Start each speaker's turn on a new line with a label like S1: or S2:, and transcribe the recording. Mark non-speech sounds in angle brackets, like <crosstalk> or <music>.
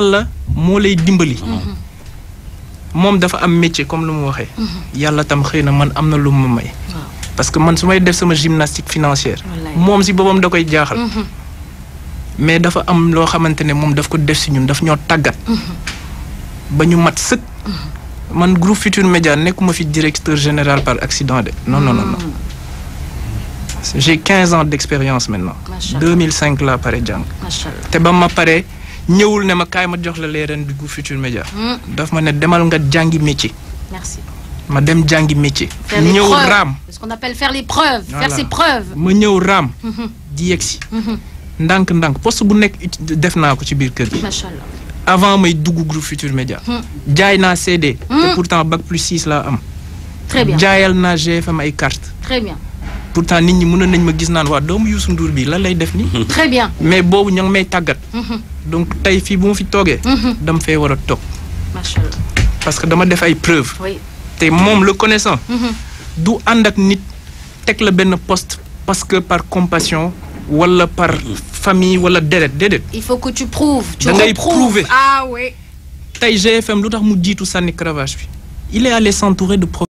S1: yàlla moo lay dimbali. Mm-hmm. moom dafa am métier comme lu mu waxee. Mm-hmm. yàlla tam xëy na man am na lu mu may. parce que man su may def sama gymnastique financière. moom si boppam da koy jaaxal. Mm-hmm. mais dafa am loo xamante ne moom daf ko def si ñun daf ñoo tàggat. ba ñu mat sëkk. man groupe Futur Média nekkuma fi directeur général par accident de non non non non. j'ai quinze ans d'expérience maintenant. 2005 laa pare jàng. te ba ma pare. ñëwul ne ma kaay ma jox la les rênes du groupe Futurs Médias. Hmm. ma ne demal nga jàngi métier. merci ma dem jàngi métier. ñëw raam ce qu'on ma ñëw raam. Mm-hmm. di yegg si. Mm-hmm. ndànk ndànk poste bu nekk def naa ko ci biir kër gi. macha avant may dugg groupe Futurs Médias. Hmm. jaay naa CD. te hmm. pourtant bac plus 6 laa am. jaayal naa GFM ay carte pour pourtant nit ñi mënoon nañ ma gis naan waa doomu Youssou Ndour bi lan lay def nii. <laughs> mais boobu ña may tàggat. Mhm. donc tey fii bu ma fi toogee. Mhm. dama fee war a toog. parce que dama def ay preuves. oui te moom le connaissant. Mhm. du ànd ak nit teg la benn poste parce que par compassion wala par famille wala déedéet déedéet. il faut que tu prouves. tu dangay prouver ah tey GFM lu tax mu jiitu sànni cravache bi il est allé s'entourer de